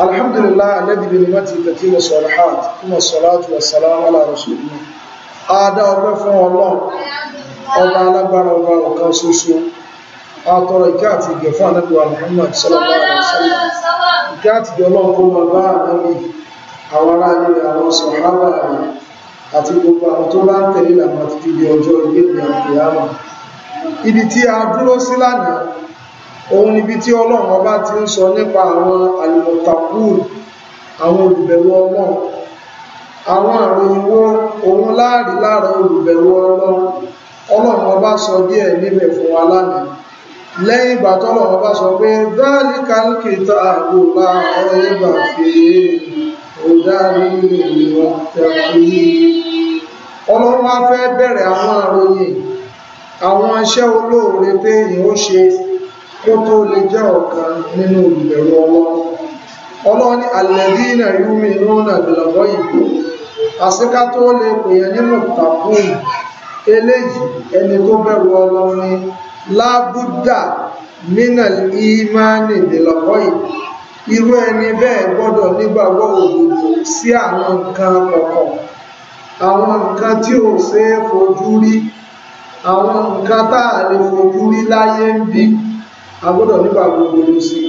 الحمد لله الذي بنعمته كثير الصالحات ثم الصلاة والسلام على رسول الله ada ọgbẹ́ fún ọlọ́run ọba alágbára ọba ọ̀kan ṣoṣo àtọrọ ìkẹ́ àti ìgẹ̀ fún ànábíwà Muhammad sallallahu alaihi wasallam ìkẹ́ àti ìgẹ̀ ọlọ́run kó máa bá ànábì àwọn ará òun níbi tí ọlọ́run ọba ti ń sọ nípa àwọn àlùmọ̀tàkùn àwọn olùbẹ̀rù ọlọ́run àwọn àròyìn wo òun láàrí lára olùbẹ̀rù ọlọ́run ọlọ́run ọba sọ díẹ̀ níbẹ̀ fún wa lánàá lẹ́yìn ìgbà tọ́lọ́run ọba sọ pé dáàlì kálíkìtà àgbò láàárọ̀ ìgbà fi ọ̀dáàrí ìwà tẹ̀kùn ọlọ́run wá fẹ́ bẹ̀rẹ̀ àwọn àròyìn àwọn iṣẹ́ olóore téèyàn ó ṣe kó tó lè jẹ́ ọ̀kan nínú olùbẹ̀rù ọlọ́run ọlọ́run ní alladhina yu'minuna bil ghaibi àsíká tó lè é nínú tàkùn eléyìí ẹni tó bẹ̀rù ọlọ́run lábúdà minal imani bil ghaibi irú ẹni bẹ́ẹ̀ gbọ́dọ̀ nígbàgbọ́ òdodo sí àwọn nǹkan kọ̀ọ̀kan àwọn nǹkan tí ò ṣeé fojú rí àwọn nǹkan tá a lè fojú rí láyé ń bí a gbọ́dọ̀ nípa gbogbo ló sí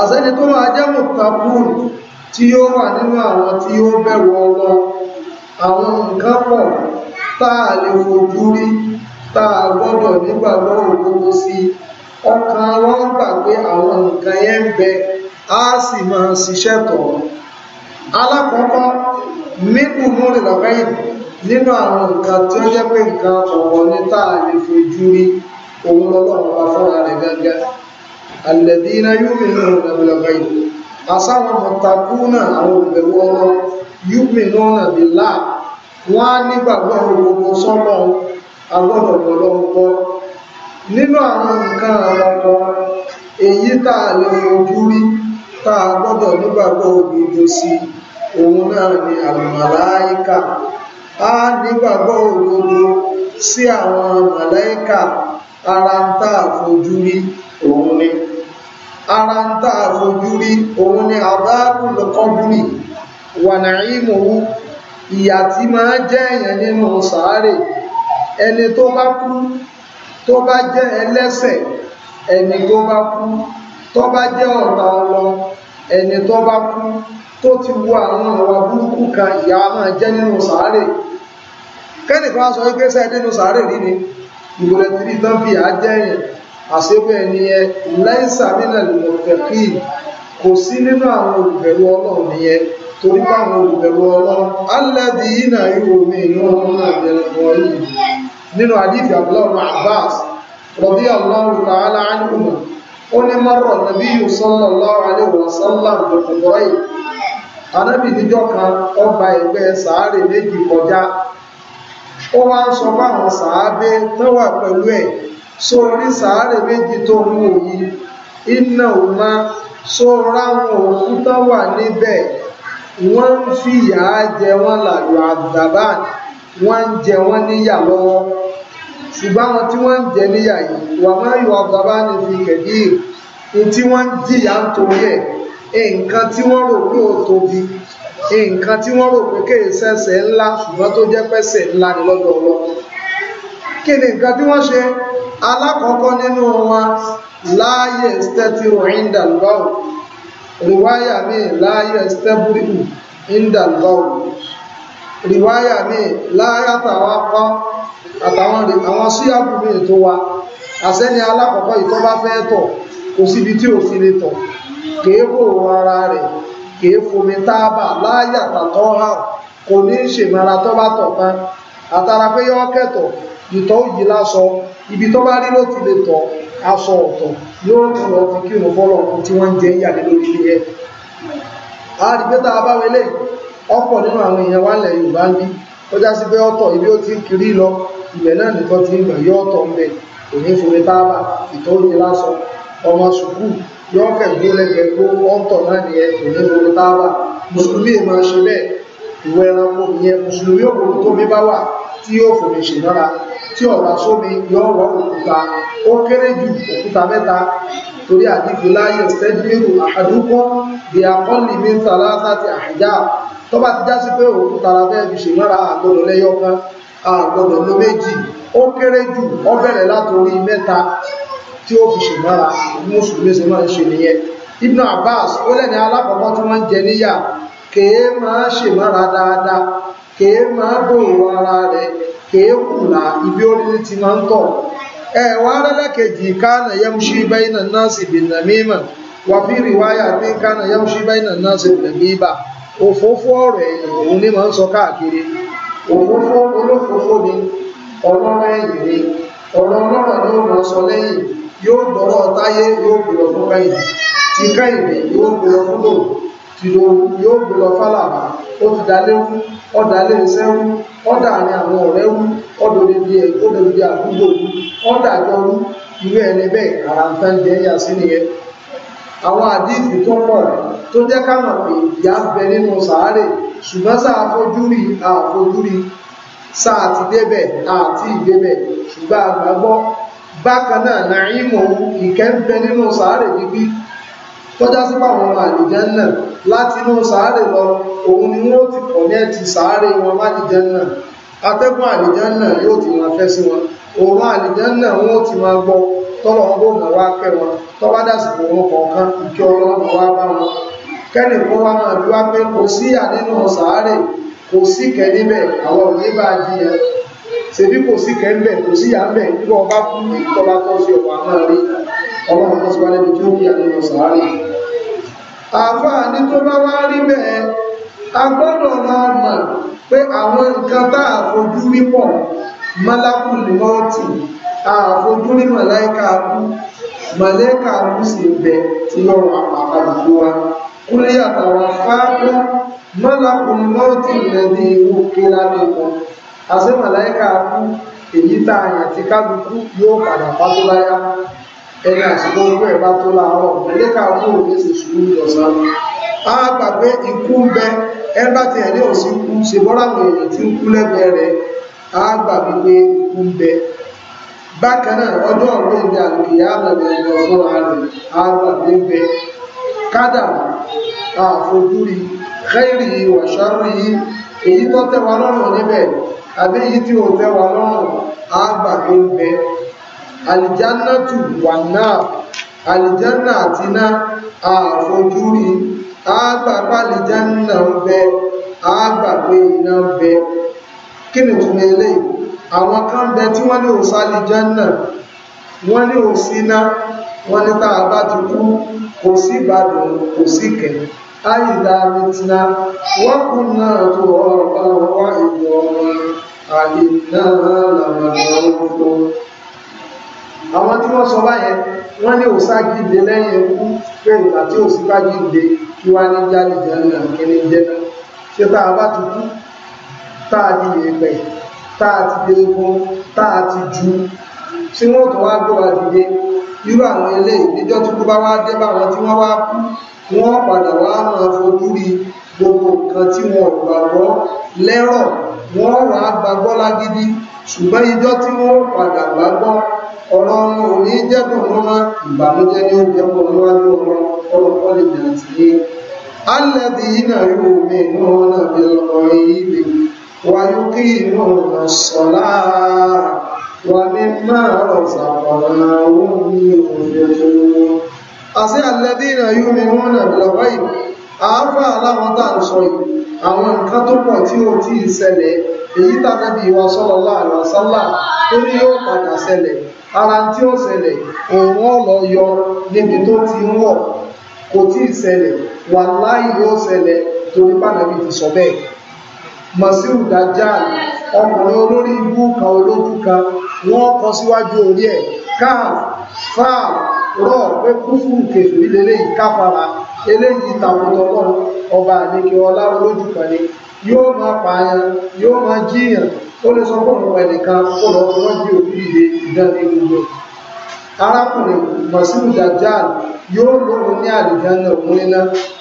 àsẹ́ni tó máa jẹ́ mùtàkùn tí yóò wà nínú àwọn tí yóò bẹ̀rù ọlọ́run àwọn nǹkan pọ̀ táà lè fojú rí táà gbọ́dọ̀ nígbàgbọ́ òdodo sí ọkàn wọn gbà pé àwọn nǹkan yẹn ń bẹ á sì máa ṣiṣẹ́ tọ̀ alákọ̀ọ́kọ́ nínú múrìnlọ́gbẹ́yìn nínú àwọn nǹkan tí ó jẹ́ pé nǹkan ọ̀pọ̀ ní táà lè fojú rí òun lọ́lọ́run wa fúnra rẹ̀ gángan alladhina yu'minuna bil ghaib àsáwọn mọ̀tàkúnà àwọn olùbẹ̀wò ọmọ yu'minuna billah wọ́n á nígbàgbọ́ gbogbo sọ́lọ́ agbọ́dọ̀ lọ́lọ́run gbọ́ nínú àwọn nǹkan àlọ́kọ èyí tá a lè fojú rí tá a gbọ́dọ̀ nígbàgbọ́ òdodo sí òun náà ni àlùmàláíkà á nígbàgbọ́ òdodo sí àwọn màláíkà ara ń tá àfojú rí òun ni ara ń tá àfojú rí òun ni àbáàbù lọ́kọ́bùnì wànàímòwú ìyà tí máa jẹ́ èèyàn nínú sàárè ẹni tó bá kú tó bá jẹ́ ẹlẹ́sẹ̀ ẹni tó bá kú tó bá jẹ́ ọ̀tá ọlọ ẹni tó bá kú tó ti wo àwọn ìwà burúkú kan ìyà máa jẹ́ nínú sàárè kẹ́nìkan sọ wípé sẹ́ẹ̀ nínú sàárè rí ni. Sare, ìwòlẹ̀ tìrí tán fi àájẹ́yìn àṣẹ́bẹ̀ ni ẹ láìsà nínà lọ́fẹ̀kì kò sí nínú àwọn olùbẹ̀rù ọlọ́run nìyẹn torí báwọn olùbẹ̀rù ọlọ́run alẹ́bí iná ìwò mi inú ọdún náà bẹ̀rẹ̀ wọ́n yìí nínú àdífì àbúlọ́run Abbas rọ̀bí ọlọ́run tààlà ánìkùnmọ̀ ó ní mọ́rọ̀ nàbí yìí sọ́nà lọ́rọ̀ alẹ́ wọ̀ sọ́nà lọ́kùnrin anábì níjọ́ kan ó wá ń sọ fáwọn sàábé tó wà pẹ̀lú ẹ̀ só rí sàárè méjì tó mú òyí iná òmá só ráwọn òkú tó wà níbẹ̀ wọ́n ń fìyà jẹ wọ́n làlù àdàbà wọ́n ń jẹ wọ́n níyà lọ́wọ́ ṣùgbọ́n àwọn tí wọ́n ń jẹ níyà yìí wà máa yọ àdàbà fi kẹ̀dí ní wọ́n ń jìyà ń torí ẹ̀ nǹkan tí wọ́n rò pé ó tóbi nǹkan tí wọ́n rò pé kéè sẹ́sẹ̀ ńlá ṣùgbọ́n tó jẹ́ pẹ́sẹ̀ ńlá ni lọ́dọ̀ ọlọ́run kí ni nǹkan tí wọ́n ṣe alákọ̀ọ́kọ́ nínú wọn láàyè stẹ́tìrò ìndàlbáwò rìwáyà mi láàyè stẹ́bùrìkù ìndàlbáwò rìwáyà mi láyàtàwà kọ́ àtàwọn àwọn síyàbù mi tó wa àsẹ́ni alákọ̀ọ́kọ́ ìtọ́ bá fẹ́ tọ̀ kò síbi tí ò sí lè tọ̀ kéèkó ara rẹ̀ kìí fomi táàbà láàyà tàtọ́ hàn kò ní í ṣèmọ̀ra tó bá tọ̀ tán àtàrà pé yọ́ kẹ̀tọ̀ ìtọ́ òyì lásọ ibi tó bá rí ló ti lè tọ̀ aṣọ ọ̀tọ̀ yóò tún lọ fi kírun fọ́lọ̀ ọ̀hún tí wọ́n ń jẹ ìyà nínú ilé ẹ̀ àárí pé tá a bá wọlé ọ̀pọ̀ nínú àwọn èèyàn wa ńlẹ̀ Yorùbá ń bí ó já sí pé ọ̀tọ̀ ibi ó ti ń kiri lọ ilẹ̀ náà nìkan ti ń gbà yọ́ ọ̀tọ̀ ń bẹ̀ kò ní fomi táàbà ìtọ́ òyì lásọ ọmọ sùkúù yọ kẹ̀gbé lẹ́gbẹ̀ẹ́ kó ọ̀tọ̀ náà ni ẹ kò ní lórí tábà mùsùlùmí máa ṣe bẹ́ẹ̀ ìwẹ̀ ẹranko ìyẹn mùsùlùmí òkùnkùn tó mi bá wà tí yóò fòmì ṣèlọ́ra tí ọ̀rá sómi yọ wọ òkúta ó kéré ju òkúta mẹ́ta torí àdìgbò láyé ṣẹ́dúmírù àdúgbò bí akọ́lì mi ń ta látàtì àhìjá tó bá ti já sí pé òkúta la fẹ́ fi ṣèlọ́ra àgbọ̀dọ̀ lẹ́yọ kan àgbọ̀dọ̀ ló méjì ó kéré jù ó látòrí mẹ́ta tí ó fi ṣègbára mùsùlùmí sí máa ń ṣe nìyẹn Ibn Abbas ó lẹ́ni alákọ̀ọ́kọ́ tí wọ́n ń jẹ níyà kèé máa ṣèmára dáadáa kèé máa gbòòrò ara rẹ̀ kèé kùnà ibi orílẹ̀ ti máa ń tọ̀ ẹ wá rẹ́lẹ́kejì kánà yamshi bayna nasi bin namima wà fi riwaya pé kánà yamshi bayna nasi bin namima òfófó ọ̀rọ̀ ẹ̀yìn òun ni máa ń sọ káàkiri òfófó olófófó ni ọlọ́rọ̀ ẹ̀yìn ni ọlọ́rọ̀ ni ó máa sọ lẹ́yìn yóò dọ̀rọ̀ táyé yóò gbèrò fún kẹ́yìn tí kẹ́yìn yóò gbèrò fún lò tìlò yóò gbèrò fálàbà ó ti dalé wú ọ̀dà àwọn ọ̀rẹ́ ẹ̀ ó lè di àdúgbò wú bẹ́ẹ̀ ara ń fẹ́ jẹ́ yà sí nìyẹn àwọn àdífì tó pọ̀ tó jẹ́ káwọn pé ìyá bẹ nínú sàárè ṣùgbọ́n sáà bákan náà nàímọ̀ ìkẹ́ ń bẹ nínú sàárè bíbí tọ́já sí pàwọn ọmọ náà láti inú sàárè lọ òun ni wọ́n ti pọ̀ ní ẹ̀tì sàárè wọn náà atẹ́gùn náà yóò ti máa fẹ́ sí wọn òun àlìjẹ́ náà wọ́n ti máa gbọ́ tọ́lọ̀ ń bòmọ̀ wá kẹ́ wọn tọ́wá dàsìkò wọn kọ̀ọ̀kan ìkẹ́ ọlọ́run wá bá wọn wá máa bí pé kò sí àdínú sàárè kò sí kẹ́ àwọn bá jiyàn ṣebí kò sí kẹ́ńbẹ̀ kò sí yàmbẹ̀ nígbà ọba kú ní ìtọ́ba tó fi ọ̀pá náà rí ọlọ́run tó síwájú ibi tí ó kí àdúgbò sàárì àfáà ní tó bá wá rí bẹ́ẹ̀ a gbọ́dọ̀ máa mọ̀ pé àwọn nǹkan tá a fojú rí pọ̀ mọ́lákùn ní mọ́ọ̀tì a fojú rí mọ̀láìka kú mọ̀láìka kú sì bẹ tí lọ́rùn àpàdùkú wa kúlé àtàwọn fáwọn mọ́lákùn ní mọ́ọ̀tì àṣẹ màláìka kú èyí tá a yàn ti kálukú yóò padà bá tó láyá ẹni àsìkò ojú ẹ̀ bá tó láàárọ̀ màláìka kú òní sì sùúrù lọ́sàn á gbà pé ikú ń bẹ ẹ bá tiẹ̀ ní òsì kú ṣe bọ́lá àwọn èèyàn tí ń kú lẹ́gbẹ̀ẹ́ rẹ̀ á gbà wípé ikú ń bẹ bákan náà ọjọ́ ọ̀gbìn ìgbà àlùkìyà àmàlẹ̀ ẹ̀yọ fún ààrẹ àgbà ń bẹ kádàmà àfojúrí kẹ́rì wàṣárù yìí èyí tó tẹ́wà lọ́rùn níbẹ̀ àbí èyí tí ò tẹ́ wa lọ́rùn á gbà pé ń bẹ àlìjánà tù wà náà àlìjánà àti iná àfojúrí á gbà pé àlìjánà ń bẹ á gbà pé iná ń bẹ kí ni túnmọ̀ eléyìí àwọn kan bẹ tí wọ́n ní òsà àlìjánà wọ́n ní òsínà wọ́n ní tá a bá ti kú kò sí ìbàdàn kò sí kẹ̀kẹ́ àìdá mìtìnà wọ́n kún náà tó ọ̀rọ̀ àwọn ìlú ọmọ àyè náà làwọn ọmọ àwọn tí wọ́n sọ báyẹn wọ́n ní òságìdè lẹ́yìn ikú pé ìgbà tí ò sí bájìdè kí wá ní jáde jẹ́nà kíní jẹ́nà ṣé tá a bá ti kú tá a di èèpẹ̀ tá a ti dé egun tá a ti ju tí wọ́n tó wá gbọ́ àdìde irú àwọn ilé ìgbẹ́jọ́ tó bá wá dé báwọn tí wọ́n wá kú wọ́n padà wá máa fojú rí gbogbo nǹkan tí wọn gbàgbọ́ lẹ́rọ̀ wọ́n wà á gbàgbọ́ ṣùgbọ́n ijọ́ tí wọ́n padà gbàgbọ́ ọ̀rọ̀ wọn ò ní ìbànújẹ́ ní níwájú ní alẹ́bí yóò mi inú bí wà ní máa rọ̀ àti alladhina yu'minuna bil ghaib àáfà aláwọn tá à ń sọ yìí àwọn nǹkan tó pọ̀ tí ó ti ṣẹlẹ̀ èyí tàbí wa sallallahu alaihi wasallam tó ní yóò padà ṣẹlẹ̀ ara tí ó ṣẹlẹ̀ òun ọ̀lọ́ yọ níbi tó ti ń wọ̀ kò tí ì ṣẹlẹ̀ wàláhì yóò ṣẹlẹ̀ torí pàdánù ti sọ bẹ́ẹ̀ masiru dajjal ọkùnrin olórí ibú kan olójú kan wọ́n kọ síwájú orí ẹ̀ káà fáà rọ̀ pé kúfùrù kèfèrí lélẹ́yìí káfara eléyìí tàwùtọ̀ náà ọba àlekè ọlá olójú kan ni yóò máa pààyàn yóò máa jíyàn ó lè sọ fún ọmọ ẹnìkan ó lọ fi wọ́n di òbí ìdè ìdánilé gbogbo arákùnrin masiru dajjal yóò lóhun ní àlìjánà òun iná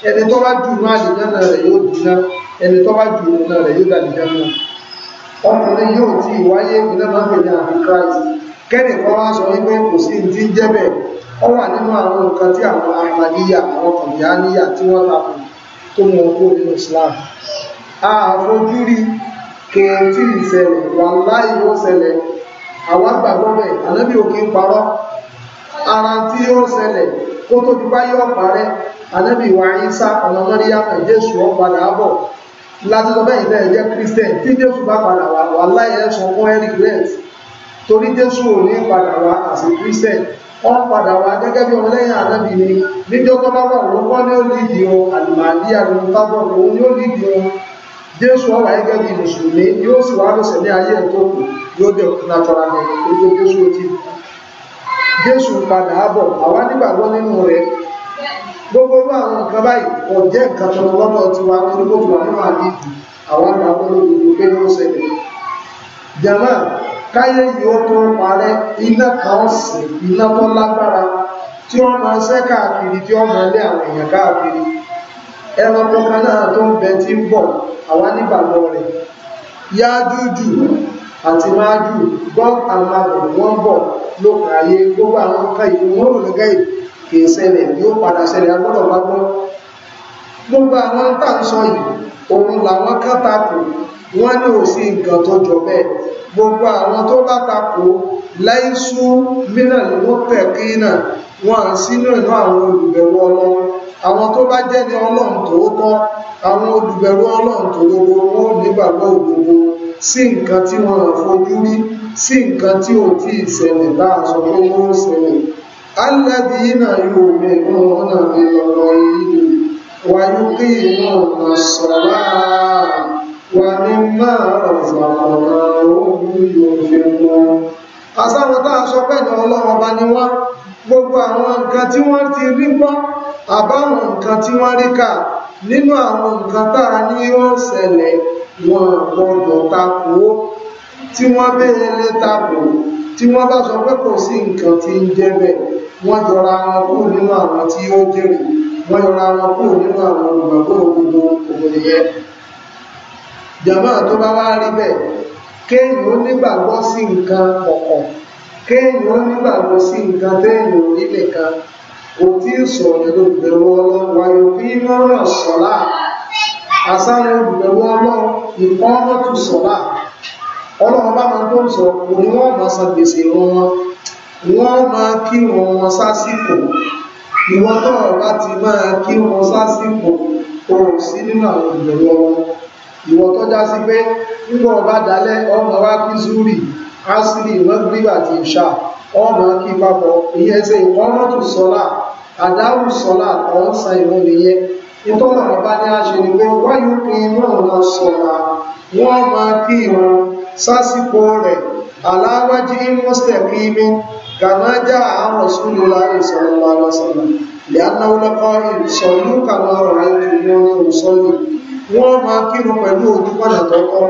ẹni tó bá jù ní àlìjánà rẹ̀ yóò dìná ẹni tó bá jù ní rẹ̀ yóò dàlìjánà ọkùnrin yóò ti wáyé ìnáwó àpèjà àti christ kẹ́nìkan wá sọ wípé kò sí ti ń jẹ́ bẹ́ẹ̀ ó wà nínú àwọn nǹkan tí àwọn ahmadiyya àwọn kọ̀míyáníyà tí wọ́n takò tó mú ọkọ̀ nínú islam àfojúrí kèétí ìṣẹ̀lẹ̀ wàláhì ó ṣẹlẹ̀ àwọn àgbàgbọ́ bẹ̀ ànábì òkè ń parọ́ ara tí ó ṣẹlẹ̀ kó tó ti báyé ọ̀pá rẹ̀ ànábì ìwà ìsá ọ̀nà mọ́ríyá jésù ó padà bọ̀ láti sọ bẹ́yìn bẹ́ẹ̀ jẹ́ christian tí jésù bá padà wá wàláhì ẹ̀sùn fún eric rent torí jésù ò ní padà wá as a Ọ padà wá gẹ́gẹ́ bí ọmọlẹ́yìn ànábì ni níjọ́ tó bá wà lọ́wọ́ ní ó lídìí o àlùmàdí àlùmùtábọ̀ ni ó lídìí o jésù ọwà gẹ́gẹ́ bí mùsùlùmí yóò sì wá lọ́sẹ̀ ní ayé kù yóò dẹ̀ ní jésù jésù padà àwa nígbàgbọ́ nínú rẹ̀ gbogbo àwọn nǹkan báyìí kò jẹ́ nǹkan tó lọ́dọ̀ ti wá àwọn àgbà káyé yìí ó tó parẹ́ iná kan sì iná tó lágbára tí wọ́n máa ṣẹ́ káàkiri tí wọ́n máa lé àwọn èèyàn káàkiri ẹranko kan náà tó ń bẹ tí ń bọ̀ àwa nígbàgbọ́ rẹ̀ yájújù àti wọ́n bọ̀ gbogbo àwọn nǹkan ìlú wọn ò lọ́gẹ́ ṣẹlẹ̀ padà ṣẹlẹ̀ agbọ́dọ̀ bá gbọ́ gbogbo àwọn à ń sọ yìí wọ́n ní ò sí nǹkan tó jọ bẹ́ẹ̀ gbogbo àwọn tó bá tako láìsú mìíràn ni wọ́n pẹ̀ kí náà wọ́n à sí nínú àwọn olùbẹ̀rù ọlọ́run àwọn tó bá jẹ́ ní ọlọ́run tòótọ́ àwọn olùbẹ̀rù ọlọ́run tòótọ́ wọn ò nígbàgbọ́ òdodo sí nǹkan tí wọ́n fojú rí sí nǹkan tí ò tí ì ṣẹlẹ̀ bá a sọ pé wọ́n ó ṣẹlẹ̀ alẹ́bí náà yóò mẹ́ inú ọ̀nà mi lọ́rọ̀ yìí wáyé وَمِمَّا رَزَقْنَاهُمْ يُنْفِقُونَ àsáwọn tá a sọ pẹ̀lú ọlọ́run ọba ni wọ́n gbogbo àwọn nǹkan tí wọ́n ti rí gbọ́ àbáwọn nǹkan tí wọ́n rí kà nínú àwọn nǹkan tá a ní ó ṣẹlẹ̀ wọn gbọdọ̀ takò ó tí wọ́n béèrè lé takò tí wọ́n bá sọ pé kò sí nǹkan tí ń jẹ́ bẹ́ẹ̀ wọ́n yọra wọn kúrò jọ̀mọ́ tó bá wá rí bẹ́ẹ̀ kéèyàn ó nígbàgbọ́ sí nǹkan kọ̀ọ̀kan kéèyàn ó nígbàgbọ́ sí nǹkan téèyàn ò rí nìkan ohun tí ń sọ nínú ìbẹ̀wò ọlọ́run wáyé kí mọ́ràn sọ́lá àsáré ìbẹ̀wò ọlọ́run ìkọ́ mọ́tò sọ́lá ọlọ́run bá máa tó ń sọ òun wọ́n máa san gbèsè wọn wọ́n máa kí wọn sásìkò ìwọ́n tọ́rọ̀ bá ti máa kí wọn sásìkò òun sí nínú àwọn ìbẹ̀wò ọlọ́run ìwọ tó já sí pé nígbà ọba dálẹ́ ọmọ wa kí zúrì asiri mọ́gbìrì àti ìṣà ọmọ kí papọ̀ ìyẹn ṣe ìkọ́mọ́tò sọ́lá àdáhùn sọ́lá ọ̀hún san ìwọ nìyẹn nítorí ọba ní àṣẹ ni pé wáyé pé iná ọ̀nà sọ̀lá wọ́n máa kí ìran sásìkò rẹ̀ aláwájú ìmọ̀sẹ̀ kí mi kàmájà àwọn sùnlọ́lá ìsọ̀rọ̀ àlọ́sọ̀lá ìyá náà lọ́kọ́ ìsọ̀lú kàmọ́ ọ̀rọ̀ ìfìyàn ìsọ̀lú wọ́n máa kírun pẹ̀lú ojúpọ̀nà tọ́kọ́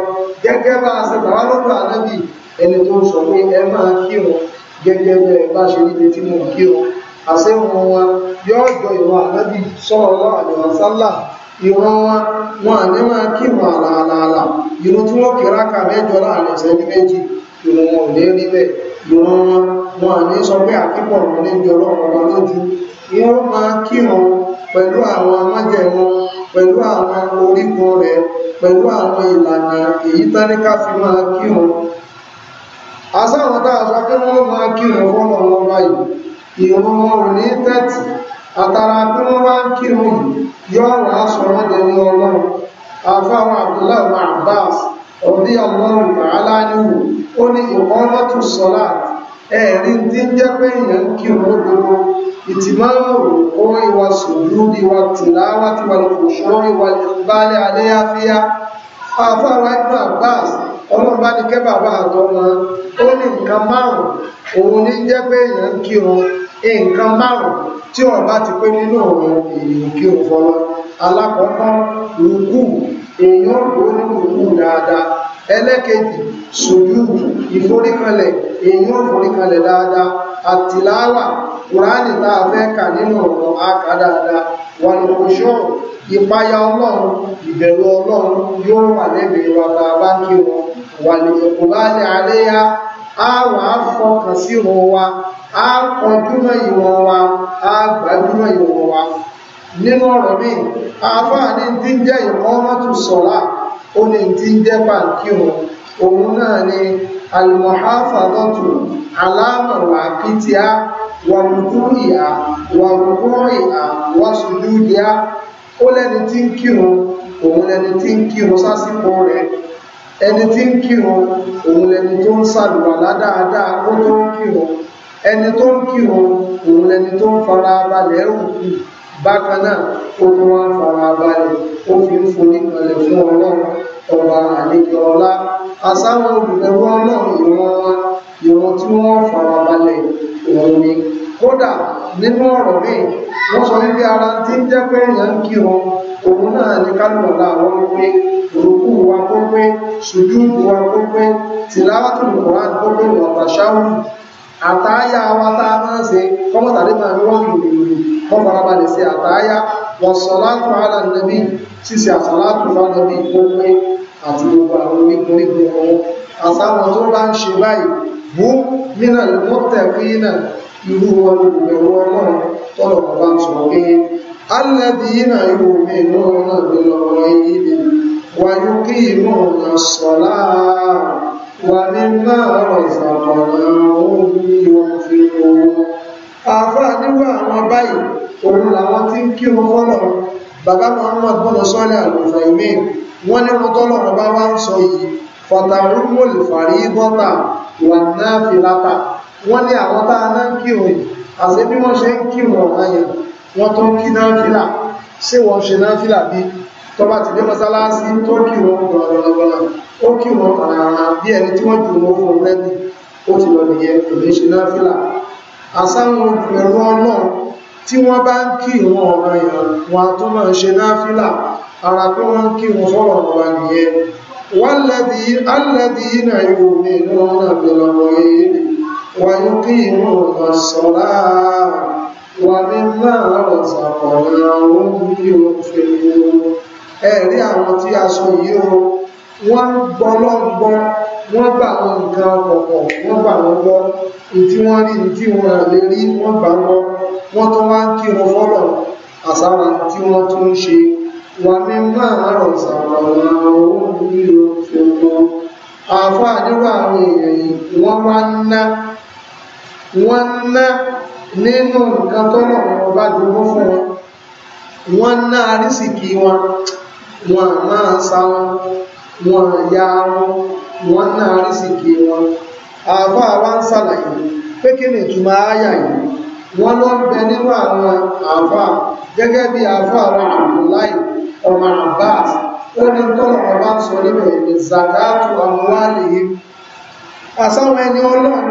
gẹ́gẹ́ bá a ṣe bàbá lọ́dọ̀ ànábì ẹni tó ń sọ pé ẹ máa kírun gẹ́gẹ́ bẹ́ ẹ bá ṣe níbi tí mo kírun àṣẹ wọn wa yóò jọ ìwọ ànábì sallallahu alaihi wasallam ìwọ wa wọn àní máa kírun àlàálàálà ìrun tí wọ́n kìí ráka mẹ́jọ láàrin ìṣẹ́jú méjì ìrun wọn ò ní rí bẹ́ẹ̀ ìrun wọn wọn àní sọ pé àkípọ̀ ọ̀rọ̀ níbi ọlọ́run ọba lójú wọ́n máa kírun pẹ̀lú àwọn amájẹ̀mú pẹ̀lú àwọn orígun rẹ̀ pẹ̀lú àwọn ìlànà èyí tání ká fi máa kírun asáwọn táà sọ pé wọ́n máa kírun fọ́nà wọn báyìí ìrun wọn ò ní tẹ́tì àtàrà pé wọ́n máa ń kírun yìí yọ ọ̀rọ̀ aṣọ wọn dẹni ọlọ́run àfáwọn Abdullahi Abbas ọ̀dí ọlọ́run màálá níwò ó ní ìkọ́ mọ́tò sọ́láàtì ẹ̀rí tí ń jẹ́ pé èèyàn ń kírun lódodo ìtìmáàmù ó ìwà sùúrù ìwà tìláwà tí wà lóko ṣọ́ ìwà aléyáfíà ní kẹ́ bàbá ó ní nǹkan márùn-ún òun ní jẹ́ pé èèyàn nǹkan márùn-ún tí bá ti ẹlẹ́kejì sùjúdù ìforíkanlẹ̀ èyí ò foríkanlẹ̀ dáadáa àtìláwà kùránì tá a fẹ́ kà nínú ọ̀rọ̀ àkà dáadáa wà ní oṣù ìpayà ọlọ́run ìbẹ̀rù ọlọ́run yóò wà lẹ́bẹ̀ẹ́ wa tá a bá kí wọn wà ní ẹ̀kọ́ bá ní aléyá a wà á fọkàn sí wọn wa a kọjú mọ́ ìwọ̀n wa a gbájú mọ́ ìwọ̀n wa nínú ọ̀rọ̀ míì àfáà ní ti ó ní tí ń jẹ́ pàǹkì òun òun náà ni almuhafadatu alámọ̀wà pìtìá wàmùdúrìá wàmùrọ̀ìá wàsùdúdìá ó lẹ́ni tí ń kírun òun lẹ́ni tí ń kírun sásìkò rẹ̀ ẹni tí ń kírun òun lẹni tó ń sàlùwàlá dáadáa ó tó ń kírun ẹni tó ń kírun òun lẹni tó ń fara balẹ̀ rùkù bákan náà ó tún wá fara balẹ̀ ó fi ń forí kanlẹ̀ fún ọlọ́run ọba àlejò ọlá asáwọn olùbẹ̀rù ọlọ́run ìran wọn ìran tí wọ́n fara balẹ̀ òun ni kódà nínú ọ̀rọ̀ míì wọ́n sọ wípé ara tí ń jẹ́ pé èèyàn ń kí wọn òun náà ní kálùmọ̀lá àwọn pé òrùkú wa kó pé sùjúùdù wa kó pé tìláwàtùlù kòrán kó pé wọ̀tàṣáwù àtàyà wa tá a máa ń ṣe kọ́mọ̀tàdé máa ń wọ́n lòlòlò wọ́n farabalẹ̀ sí àtàyà wọ́n sọ̀látù ala nàbí ṣíṣe àsọ̀látù ala nàbí gbogbo àti gbogbo àwọn onígbòrígbò ọ̀hún àsáwọn tó bá ń ṣe báyìí bú mínà lọ́tẹ̀kínà irú wọn olùbẹ̀rù ọlọ́run tọ́lọ̀ bàbá ń sọ pé alẹ́bìínà ihò wàmímá ọ̀sàkọ̀nà òbí òfìwò àfáà nígbà àwọn báyìí òun làwọn tí ń kírun fọ́nà bàbá Muhammad bọ́nà sọ́lẹ̀ àlùfẹ́ ìmí wọ́n ní wọ́n tọ́lọ̀ ọba wá ń sọ yìí fọ̀tàrúmọ̀lì fàrí gọ́tà wà náà fi látà wọ́n ní àwọn tá a náà ń kírun àti bí wọ́n ṣe ń kírun ọ̀hán yẹn wọ́n tó ń kí náà fìlà ṣé tó bá ti dé mọ́sálásí tó kí wọn gbọ̀nàgbọ̀nà ó kí wọn kàràrà bí ẹni tí wọ́n ju wọn fún lẹ́bi ó ti lọ nìyẹn kò ní ṣe náà fìlà àsáwọn olùbẹ̀rù ọlọ́run tí wọ́n bá ń kí wọn ọ̀ràn èèyàn tó máa ń ṣe náà fìlà ara pé wọ́n ń kí wọn fọ́rọ̀ ọ̀rọ̀ nìyẹn wálẹ́bí alẹ́bí náà yóò ní inú ọ̀nà ìgbẹ̀lọ̀wọ̀ yìí wọ́n yóò kí inú ọ̀nà sọ̀rá wà ní náà rọ̀ ẹ̀rí àwọn tí a sọ yìí o wọ́n ń gbọ́ lọ́gbọ́ wọ́n gbà wọn nǹkan ọ̀pọ̀pọ̀ wọ́n gbà wọn gbọ́ ìdí wọ́n rí ìdí wọn lè rí wọ́n gbà wọn wọ́n tó wá ń kí wọn fọ́lọ̀ àsára tí wọ́n tún ń ṣe wà ní márùn sàrànà owó nílò ọmọ àfọ́ àdúrà àwọn èèyàn yìí wọ́n wá ń ná wọ́n ń ná nínú nǹkan tọ́lọ̀ wọn bá dúró fún wọn wọ́n ń ná arísìkí wọn wọn à máa sa wọn wọn à ya wọn wọn náà rísìkì wọn àbá wa ń ṣàlàyé pé kí ni ìtumọ̀ àyà yìí wọn ló ń bẹ nínú àwọn àfà gẹ́gẹ́ bí àfà àwọn Abdullahi ọmọ Abbas ó ní tọ́lọ̀ ọba ń sọ níbẹ̀ ní zakatu amwalihim àsáwọn ẹni ọlọ́run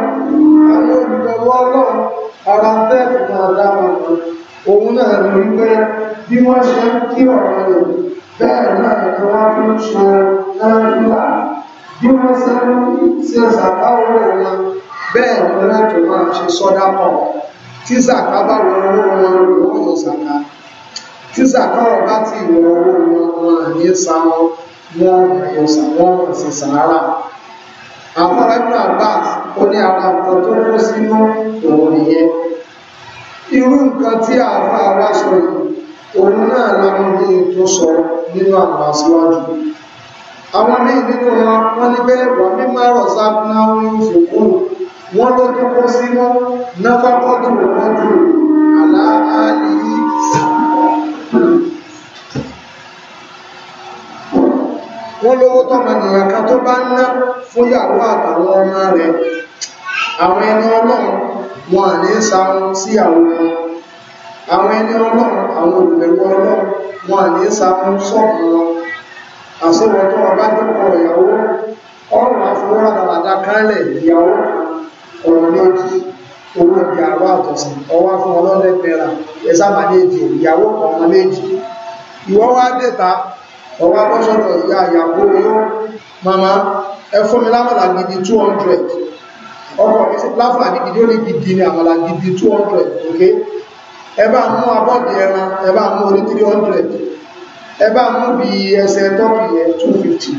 àwọn olùgbọ̀wọ́ ọlọ́run ara tẹ́ẹ̀kì máa dá wọn òun náà ní wípé bí wọ́n ṣe ń kí ọ̀rọ̀ rẹ̀ bẹ́ẹ̀ náà ni wọ́n fi ń ṣe náírà bí wọ́n ṣe ń ṣe zàká owó wọn bẹ́ẹ̀ ni wọ́n tó máa ṣe sọ́dá pọ̀ tí zàká bá wọ owó wọn wọ́n yọ zàká tí zàká ọba ti wọ owó wọn wọn àní sa wọn wọn ní ara nǹkan tó kó sínú òun nìyẹn irú nǹkan tí àwọn ará sọ yìí òun náà lọ́mọdé tó sọ nínú àwọn aṣíwájú àwọn míì nínú wọn wọ́n ní bẹ́ẹ̀ wà mímọ́ ọ̀rọ̀ sáfúnáwí ìfòkó wọ́n ló tó kó sínú náfàkọ́dù rọ̀mọ́dù àlàáàlì wọ́n lówó tọ́mọ nìyàn kan tó bá ń ná fún yàwó àtàwọn ọmọ rẹ̀ àwọn ẹni ọlọ́run wọn à ní sáwọn síyàwó wọn àwọn ẹni ọlọ́run àwọn olùbẹ̀rù ọlọ́run wọn à ní sàmú sọ́ọ̀mù lọ àṣewọ̀n tó wọn bá dúpọ̀ ìyàwó ọrùn àfọwọ́rà dàdà kálẹ̀ ìyàwó ọ̀rọ̀ méjì owó ibi àrọ́ àtọ̀sìn ọwá fún ọlọ́lẹ́gbẹ̀ẹ́ra ẹ̀sá máa méjì ìyàwó ọmọ méjì ìwọ́ wá dẹ́ta ọwá bọ́sọ̀tọ̀ ìyá ìyàwó yóò mama ẹ fún mi lámàlà gidi 200 ọkọ̀ mi sí pláfà ní gidi ó ní gidi ní àmàlà gidi 200 okay ẹ bá mú abọ́dì ẹran ebe bá mú orí 300 ẹ bá mú bí ẹsẹ̀ tọ́kìyẹ 250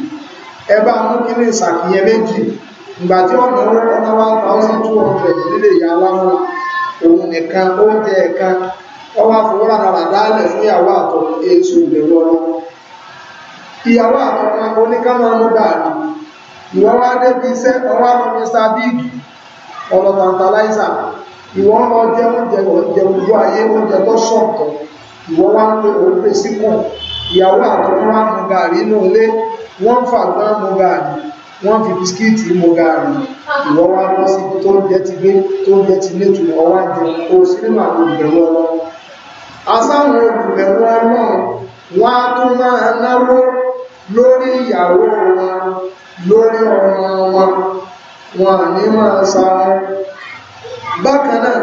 ebe bá kí ní ìsàkìyẹ méjì ìgbà tí wọ́n mú 1200 nílé ìyá aláwọ̀ òun nìkan oúnjẹ ẹ̀kan wọ́n wá fowó ìyàwó ọmọ àwọn mr big ìwọ ń lọ jẹ oúnjẹ oúnjẹ ojú ayé oúnjẹ tó sọ̀tọ̀ ìwọ wá ń pè òun pè síkùn ìyàwó àtọmọ wá mu gàrí inú ilé wọ́n ń fàgbá mu gàrí wọ́n fi bisikíìtì mu gàrí ìwọ wá lọ síbi tó ń jẹ ti gbé tó ń jẹ ti létu ọwọ́ àjẹ kó o sinimá olùbẹ̀wò ọlọ́run asáwọn olùbẹ̀wò ọlọ́run wọ́n á tún máa náwó lórí ìyàwó wọn lórí ọmọ wọn wọn ní máa sa bákan náà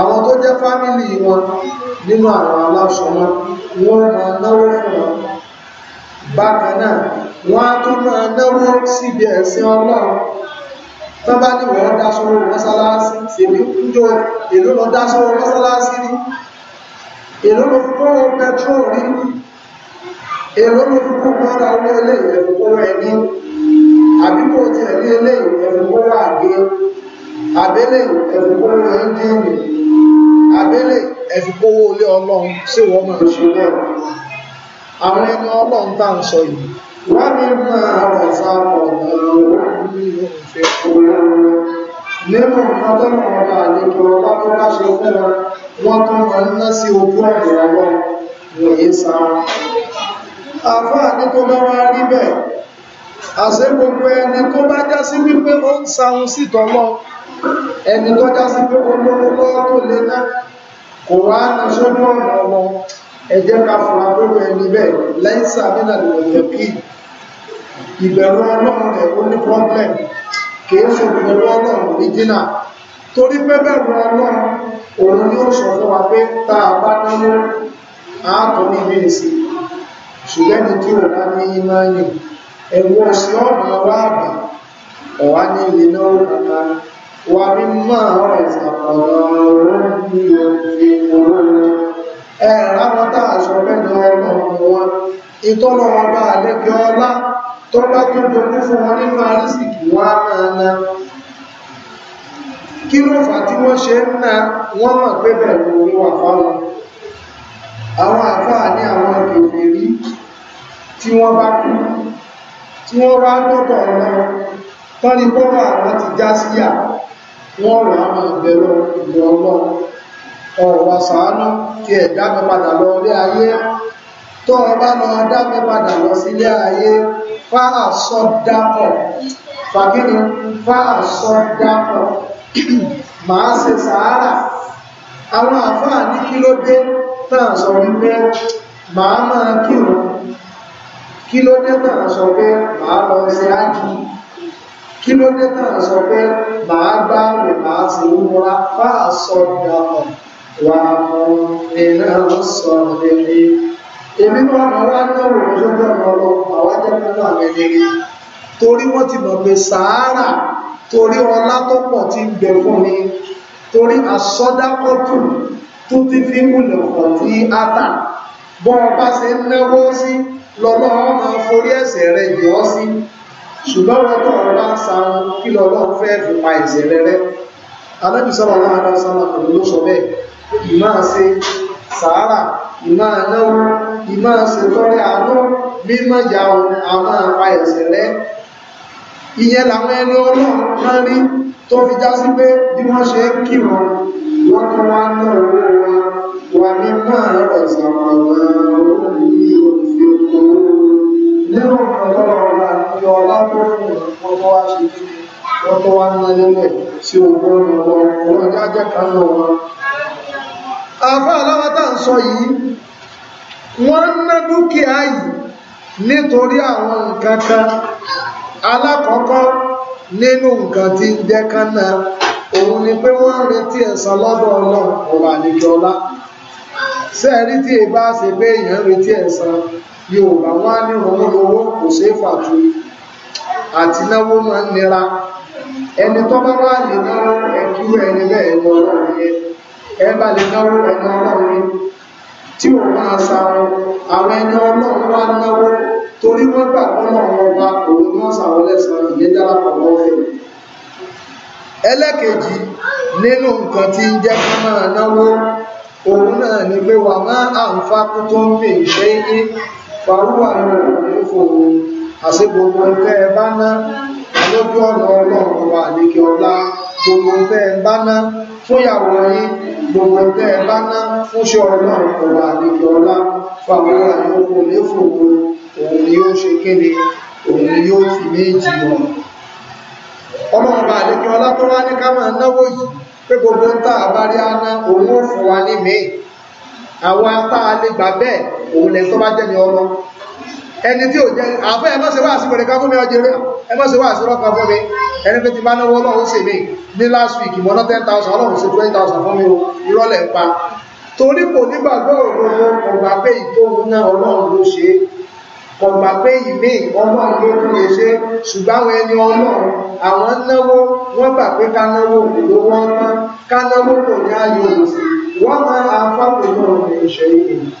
àwọn tó jẹ́ fámìlì wọn nínú àwọn aláṣọ wọn wọ́n máa náwó fún wọn bákan náà wọ́n á tún máa náwó síbi ẹ̀sìn ọlọ́run tán bá ní wọ́n dá sọ́rọ̀ mọ́sálásí tèmi ń jọ èló lọ dá sọ́rọ̀ mọ́sálásí rí èló ló fi kọ́rọ̀ pẹtrol rí èló ló fi kọ́rọ̀ ọ̀dà owó eléyìí ẹ̀fọ́ ẹni àbíkò tiẹ̀ ní eléyìí ẹ̀fọ́ àgbẹ̀ àbẹ́lẹ̀ ẹ̀fùkówó ẹ́ńjìnì àbẹ́lẹ̀ ẹ̀fùkówó ilé ọlọ́run sí wọ́n máa ṣe bẹ́ẹ̀ àwọn ẹni ọlọ́run tá à ń sọ yìí wọ́n ní máa rọ̀ sápọ̀ nínú ọdọ́rùn ọba àlejò ọba tó bá ṣe fún wọn wọ́n tó máa ń ná sí ojú ọ̀rọ̀ ọlọ́run wòye sa wọn àfáà ní tó bá wá rí bẹ́ẹ̀ àṣẹ gbogbo ẹni tó bá já sí wípé ó ń sa ohun sí tọ́lọ́ ẹni tó já sí pé olówó lọ́wọ́ tó lé ná kò wá ní sójú ọ̀nà ọmọ ẹ̀jẹ̀ ká fura lórí ẹni bẹ́ẹ̀ lẹ́yìn sàmínà lòyẹ̀ kí ìbẹ̀rù ọlọ́run rẹ̀ ó ní problem kìí ṣe ìbẹ̀rù ọlọ́run oríjìnà torí pé bẹ̀rù ọlọ́run òun ni ó sọ fún wa pé tá a bá náwó àátọ́ ní ilé ìsìn ṣùgbọ́n ní tí ò bá ní ìmáyìn ẹ̀wọ̀n sí ọ̀nà wáàbà ọ̀wá ní ilé náà kàkàrà ومما رزقناهم ينفقون ẹ̀rá wọn tá a sọ mẹ́nu ọlọ́run wọn ìtọ́nà ọba àlẹ́kẹ́ ọlá tó bá tó dojú fún wọn nínú àrísìkì wọn á máa na kí ló fà tí wọ́n ṣe ń na wọ́n mọ̀ pé bẹ̀rù orí wà fáwọn àwọn àfáà ní àwọn kèfèrí tí bá kú tí wọ́n bá dọ́dọ̀ ọ̀rọ̀ tán ni bọ́rọ̀ àwọn ti já síyà wọ́n wà á máa bẹ̀rọ ìwọ̀ ọlọ́run ọ̀wà sàánú kí ẹ̀ dábẹ́ padà lọ ilé ayé tó o bá lọ dábẹ́ padà lọ sílé ayé fa àsọ dápọ̀ fàkínú fa àsọ dápọ̀ màá ṣe sàárà àwọn àfáà ní kí ló dé náà sọ wípé màá máa kírun kí ló dé náà sọ pé màá lọ ṣe ájì kí ló dé tàn sọ pé màá gbá mi màá sì ń múra bá a sọ dàpọ̀ wà mọ́ iná sọ lẹ́ni èmi náà máa wá náwó lójúdọ̀ lọ́wọ́ àwọn ajẹ́pẹ́lú àwọn ẹni torí wọ́n ti mọ̀ pé sàárà torí ọlá tó pọ̀ ti ń bẹ fún mi torí àsọdákọ́tù tó ti fi múlẹ̀ pọ̀ tí a bọ́n bá ṣe náwó sí lọ́lọ́run máa forí ẹ̀ṣẹ̀ rẹ̀ yọ sí ṣùgbọ́n wọn tó ọ̀rọ̀ bá ń sa ohun kí lọ lọ́n fẹ́ fi pa ẹ̀ṣẹ̀ rẹ rẹ alábìsọ́rọ̀ wọn adá sọ́nà kò ló sọ bẹ́ẹ̀ ìmá ṣe sàárà ìmá náwó ìmá ṣe tọrẹ àánú mímọ́ ìyá ohun a máa pa ẹ̀ṣẹ̀ rẹ ìyẹn làwọn ẹni ọlọ́run máa rí tó fi já sí pé bí wọ́n ṣe ń kírun wọ́n kọ́ wá ń tọ̀ owó wọn wà ní máa rẹ̀ sàmọ̀ràn orí òfin owó nínú ọ̀pọ̀lọpọ̀ àfi ọlá tó fún wọn tó wá ṣe kí wọn tó wá ná nílẹ̀ sí ogún ọmọ wọn jájẹ́ kan náà wọn. àfa aláwátà ń sọ yìí wọ́n ń ná dúkìá yìí nítorí àwọn nǹkan kan alákọ̀ọ́kọ́ nínú nǹkan tí ń jẹ́ kán náà òun ni pé wọ́n ń retí ẹ̀san lọ́dọ̀ ọlọ́run ọba àlejò ọlá sẹ́ẹ̀rí tí e ṣe pé èèyàn ń retí ẹ̀san yorùbá wọn á ní ìrànlọ́wọ́ kò ṣeé fàtúwì àti náwó máa ń nira ẹni tó bá wà lè náwó ẹkú ẹni bẹ́ẹ̀ ẹni ọlọ́run yẹn ẹ bá lè náwó ẹni ọlọ́run tí ò máa sa àwọn ẹni ọlọ́run wá torí wọ́n gbà pọ́nà ọba òun ni wọ́n sàwọn lẹ́sàn-án ìyẹn dára pọ̀ nínú nǹkan tí ń jẹ́ náwó òun náà ni wà má tó ń ṣe é ní àti gbogbo tẹ́ ẹ bá ná lójú ọ̀nà ọlọ́run wa àdékè ọlá gbogbo tẹ́ ẹ bá ná fúnyàwó yín gbogbo tẹ́ ẹ bá ná fúnṣẹ́ ọlọ́run wa àdékè ọlá fàwọn àyọkù léfòwò òun ni ó ṣe kéde òun ni yóò fi méjì wọn ọlọ́run bá àdékè ọlá tó wá ní ká máa náwó yìí pé gbogbo ń tá àbárí aná òun ó fún wa ní mi àwọn tá a gbà bẹ́ẹ̀ òun lè tó bá jẹ́ ní ọlọ́run ẹni tí ò jẹ́ àfẹ́ ẹ má ṣe wá sí wèrè kan fún mi ọjẹ́rẹ́ ẹ má ṣe wá sí rọ́kan fún mi ẹni pé ti bá náwó ọlọ́run ṣe mí ní last week mo ná ten thousand ọlọ́run ṣe twenty thousand fún mi o ìrọ́lẹ̀ ń pa torí kò nígbàgbọ́ òdodo ọ̀gbà pé ìtòhun náà ọlọ́run ló ṣe é ọ̀gbà pé ìmí ọlọ́run ló tún lè ṣe ṣùgbọ́n àwọn ẹni ọlọ́run àwọn náwó wọ́n gbà pé ká náwó kò ló wọ́n mọ́ ká náwó kò ní ayò wọ́n máa afákòó náà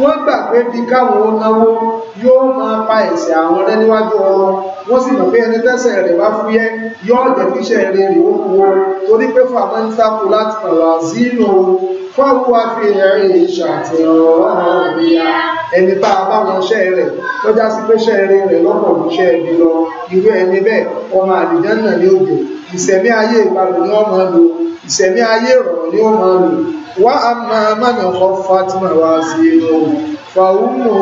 wọ́n gbà pé bí káwọn ó náwó yóò máa pa ẹ̀ṣẹ̀ àwọn rẹ níwájú ọrọ̀ wọ́n sì mọ̀ pé ẹni tẹ́sẹ̀ rẹ̀ bá fúyẹ́ yóò jẹ́ kí iṣẹ́ rẹ̀ rè ó wo torí pé fàmọ́ ń sáko láti pàlọ́ àzínú fọ́ọ̀kú àfihàn ìṣàtìrànwọ́ ẹni bá a bá wọn ṣẹ́ rẹ̀ lọ́jà sí pé ṣẹ́ rẹ̀ lọ́pọ̀ ìṣẹ́ ẹ̀mí lọ irú ẹni bẹ́ẹ̀ ọmọ ìsẹ̀mí ayé ìgbàlù ni wọ́n lò ìsẹ̀mí ayé ìrọ̀rùn ni wọ́n lò wá a máa mánà kọ́ Fatima wá sí inú òun fàúmù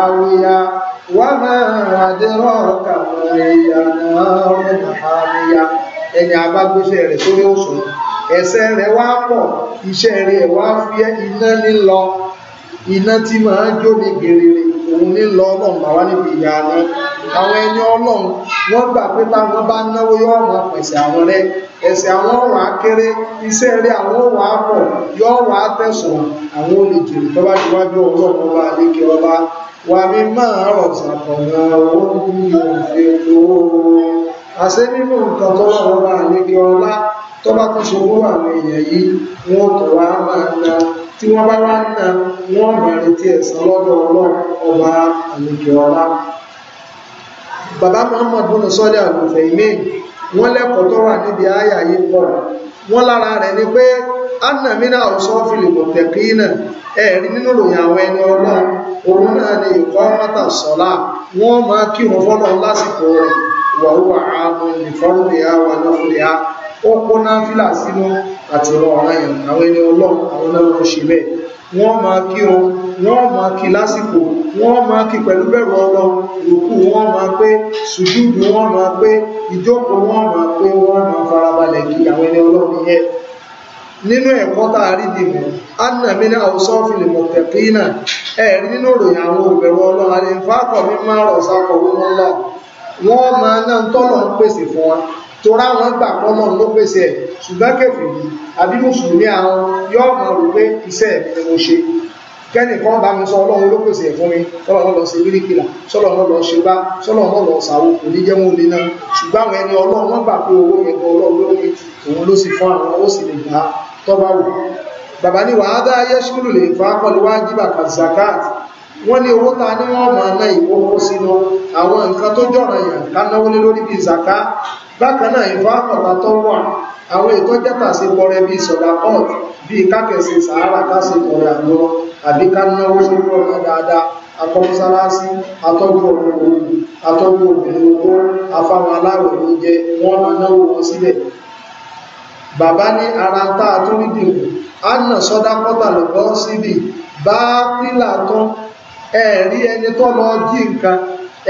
àwíyá wá máa àdérọ̀ kàmàríyá náà mọ̀háríyá ẹni abágbéṣẹ́ rẹ̀ sórí òṣùn ẹ̀ṣẹ̀ rẹ̀ wá pọ̀ iṣẹ́ rẹ̀ wá fúyẹ́ iná nílọ iná tí máa ń jó ní gèrèrè òun nílọ ọlọ́run bá wá níbi ìyá náà àwọn ẹni ọlọ́run wọ́n gbà pé táwọn bá náwó yóò máa pèsè àwọn rẹ ẹ̀sẹ̀ àwọn ọ̀rọ̀ akéré iṣẹ́ rẹ àwọn ọ̀rọ̀ àpọ̀ yóò wà á tẹ̀sán àwọn olè jèrè tó bá ti wájú ọlọ́run ọba àdékè ọba wà mí máa rọ̀ sàkọ̀nà owó yóò fi lówó àṣẹ nínú nǹkan tó wà lọ́wọ́ àdékè ọlá tó bá tún ṣe owó àwọn èèyàn yìí wọn kò wá máa na tí wọ́n bá wá ń na wọ́n máa retí ẹ̀san lọ́dọ̀ ọlọ́run ọba àlejò ọlá bàbá muhammadu bin sọ́lẹ̀ àlùfẹ̀yìnì wọ́n lẹ́kọ̀ọ́ tó wà níbi àyà yìí pọ̀ wọ́n lára rẹ̀ ni pé anamina ọ̀sọ́fìlì kò tẹ̀kí náà ẹ̀rí nínú ròyìn àwọn ẹni ọlọ́run òun náà ni ìkọ́ mọ́tà sọ́lá wọ́n máa kírun fọ́lọ́ lásìkò rẹ̀ wàhùwà ààbò ìfọ́rúnìyà wà lọ́fúnìyà ó kó náà sínú àti ọ̀rọ̀ àwọn ẹni ọlọ́run àwọn náà ṣe bẹ́ẹ̀ wọ́n máa kí o wọ́n máa kí lásìkò wọ́n máa kí pẹ̀lú bẹ̀rù ọlọ́run òkú wọ́n máa pé sùjúdù wọ́n máa pé ìjókòó wọ́n máa pé wọ́n máa farabalẹ̀ kí àwọn ẹni ọlọ́run yẹn nínú ẹ̀kọ́ tá a rí dìbò anamina ọ̀sọ́fìlì mọ̀tẹ̀kínà ẹ̀rí nínú ìròyìn àwọn òbẹ̀rù ọlọ́run àlè ń fákọ̀ mímọ́ àrọ̀ sákọ̀ wọ́n lọ wọ́n máa náà tọ́lọ̀ ń pèsè fún wa torá wọn gbà pọ́nmọ́ ló pèsè ẹ̀ ṣùgbọ́n kẹfì àbí mùsùlùmí àwọn yóò mọ̀ rò pé iṣẹ́ ẹ̀ mo ṣe kẹ́nìkan bá mi sọ ọlọ́run ló pèsè ẹ̀ fún mi ọlọ́run lọ sí wíríkìlà sọlọ́run lọ ṣe bá sọlọ́run lọ ṣàwò kò ní jẹ́ wọn olè náà ṣùgbọ́n àwọn ẹni ọlọ́run wọn gbà pé owó yẹn gan ọlọ́run ló ní òun ló sì fún àwọn ó sì lè gbà á tọ́ba bàbá ní wàá dá yẹ́ṣúlù lè fa pẹ̀lú wájibà zakat wọ́n ní owó ta ní wọ́n máa ná ìkókó sínú àwọn nǹkan tó jọ̀ràn yàn ká náwó lé lórí bíi zakat bákan náà ìfọ́àkọ̀ta tó wà àwọn ètò jẹ́ta sí pọrẹ bíi sọ̀dà port bíi kákẹ̀sì sàárà káṣe pọrẹ àjọ àbí ká náwó sórí ọ̀nà dáadáa akọ́mọ́sálásí atọ́jú ọ̀rọ̀ òun atọ́jú obìnrin owó afáwọn aláwọ̀ oúnjẹ wọ́n máa náwó wọn sílẹ̀ bàbá ní ara ń tá a tó rí ẹ̀rí ẹni tó lọ nǹkan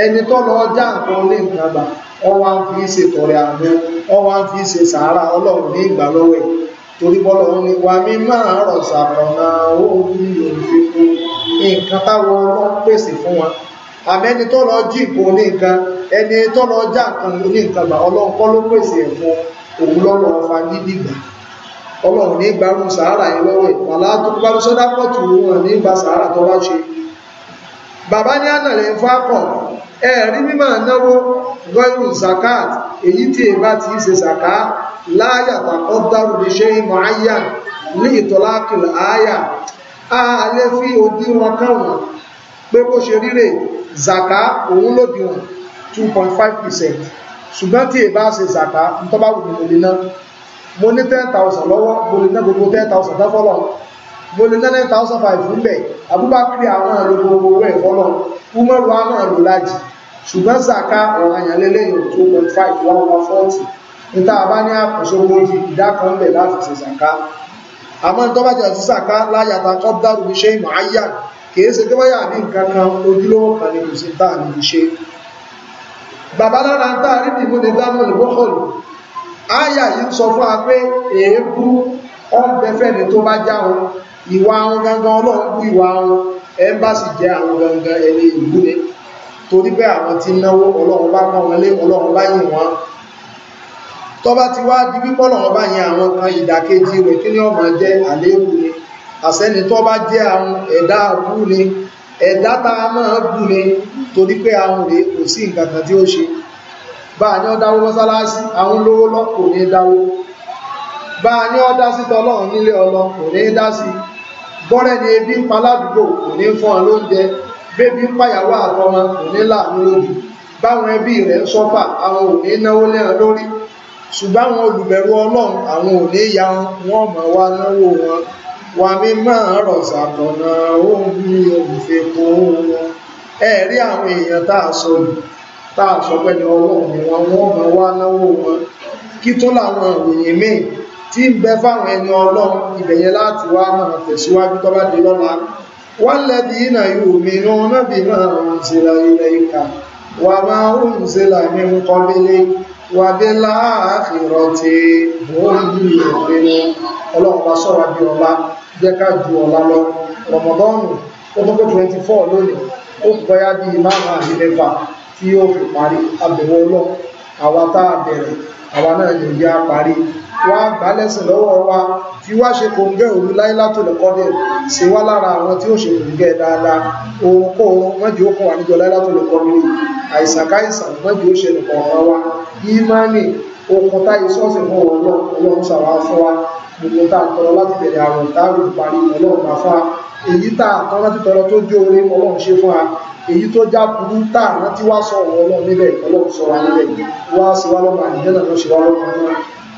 ẹni tó lọ nǹkan lé nǹkan ọwá ń fi ṣe tọrẹ àánú ọwá ń fi ṣe sàárà ọlọ́run ní ìgbà torí bọ́lọ̀ wọn ni wà mí máa rọ̀ sàkọ̀nà owó bí nǹkan táwọn ọlọ́run pèsè fún wa. àmẹ́ni tó lọ jí ìbò ní lọ já nǹkan pèsè ẹ̀fọ́ òun ọfà ọlọ́run ní sàárà ẹ̀rí mímọ̀ náwó gọ́rù zakat èyí tí è bá ti ṣe zaka láyàtà ọdárù ní ṣe ìmọ̀ ayà ní ìtọ́lákìlá ayà a lè fi òdiwọ̀n káwọn pé bó ṣe ríre zaka òun lòdìwọ̀n 2.5% ṣùgbọ́n tí è bá ṣe zaka ń tọ́bá wù mí mo lè ná ní 10,000 lọ́wọ́ 10,000 dáfọ́lọ́wọ́ mo lè ná nine thousand five fún bẹ́ẹ̀ Abubakar àwọn àlòkò owó ẹ̀ fọlọ́ Umaru àwọn àlò lájì ṣùgbọ́n zaka ọ̀ràn yẹn lélẹ́yìn two point five one one forty níta bá ní àkùsógójì ìdá kan bẹ̀ láti ṣe zaka àmọ́ tó bá jẹ́ zaka láyàtà kọ́bdárù ní ṣe ìmọ̀ ayá kìí ṣe tó báyà ní nǹkan kan ojúlówó kan ní kùsí tá à ní ṣe bàbá lára tá a rí dìbò ní dáná olùgbókòlù áyà yìí sọ fún wa pé èébú ọ̀bẹ̀fẹ́ni ìwà àwọn gangan ọlọ́run bú ìwà àwọn ẹmbásì jẹ́ àwọn gangan ẹni ìlú ni torí bẹ́ àwọn tí náwó ọlọ́run bá pọ́n wọn lé ọlọ́run bá yìn wọn tó ti wá di wípọ́ lọ́run bá yìn àwọn kan ìdàkejì rẹ̀ kí ni ọmọ jẹ́ àléébù ni àsẹ́ni tó bá jẹ́ àwọn ẹ̀dá bú ni ẹ̀dá tá a máa bú ni torí pé àwọn rèé kò sí nǹkan kan tí ó ṣe bá a ní ó mọ́sálásí àwọn olówó lọ́kò ní dáwó bá a ní ó tọ́lọ́run nílé ọlọ́kò ní dá bọ́rẹ́ ni ebi ń pa ládùúgbò kò ní fún ọ lóúnjẹ bébí ń pàyàwó àtọmọ kò ní láàánú lójú báwọn ẹbí rẹ̀ ń sọ́fà àwọn ò ní náwó lẹ́hàn lórí ṣùgbọ́n àwọn olùbẹ̀rù ọlọ́run àwọn ò ní ya wọn wọn mọ̀ wá náwó wọn wà mí máa rọ̀ ṣàkànnà ohun bí olùfẹ́ kó wọn ẹ rí àwọn èèyàn tá a sọ yìí tá a sọ pé ní ọlọ́run ni wọn wọn mọ̀ wá náwó wọn kí tó làwọn ìròyìn míì tí ń bẹ fáwọn ẹni ọlọ́run ibẹ̀yẹ láti wá náà tẹ̀síwájú tó bá di lọ́la wọ́n lẹ́dí iná yóò mìíràn náà bí náà ń ṣe la ilẹ̀ ìka wà máa ń ṣe là ní kọ́bílé wà bí láàfihàn ti bóun ní ìrọ̀lẹ́ ọlọ́run bá sọ̀rọ̀ àwa náà ní ìyá parí wá gbálẹ́sìn lọ́wọ́ wa fi wá ṣe kòǹgẹ́ òru Láílátul Qadr sí wá lára àwọn tí ó ṣe kòǹgẹ́ dáadáa ohun kó ohun mọ́jì ó kún wa níjọ Láílátul Qadr àìsàkáìsàn mọ́jì ó ṣe nìkan ọ̀rọ̀ wa ìmánì okun táyé sọ́ọ̀sì fún ọ̀rọ̀ Ọlọ́run ṣàwá fún wa gbogbo tá a tọrọ láti bẹ̀rẹ̀ àwọn ìdáàbò parí Ọlọ́run máa fún èyí tá a tọrọ láti tọrọ tó jó orí Ọlọ́run ṣe fún wa èyí tó já burú tá àwọn tí wá sọ ọ̀rọ̀ ọlọ́run níbẹ̀ ọlọ́run sọ wa níbẹ̀ wá sí wa lọ́mọ àdìjẹ́ náà lọ́sọ wa lọ́mọ náà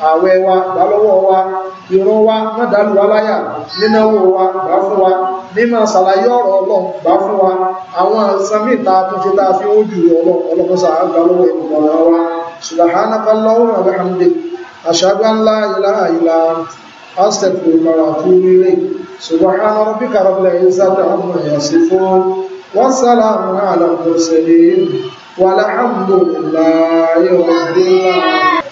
ààwẹ̀ wa gbà lọ́wọ́ wa ìran wa má dàlú wa láyà nínáwó wa gbà fún wa mímọ̀ ṣàlàyé ọ̀rọ̀ ọlọ́run gbà fún wa àwọn sami ta tó ṣe tá a fi ó jù ọlọ́run ọlọ́run sà gbà lọ́wọ́ ìmọ̀ràn wa wa bihamdik والسلام على المرسلين والحمد لله رب العالمين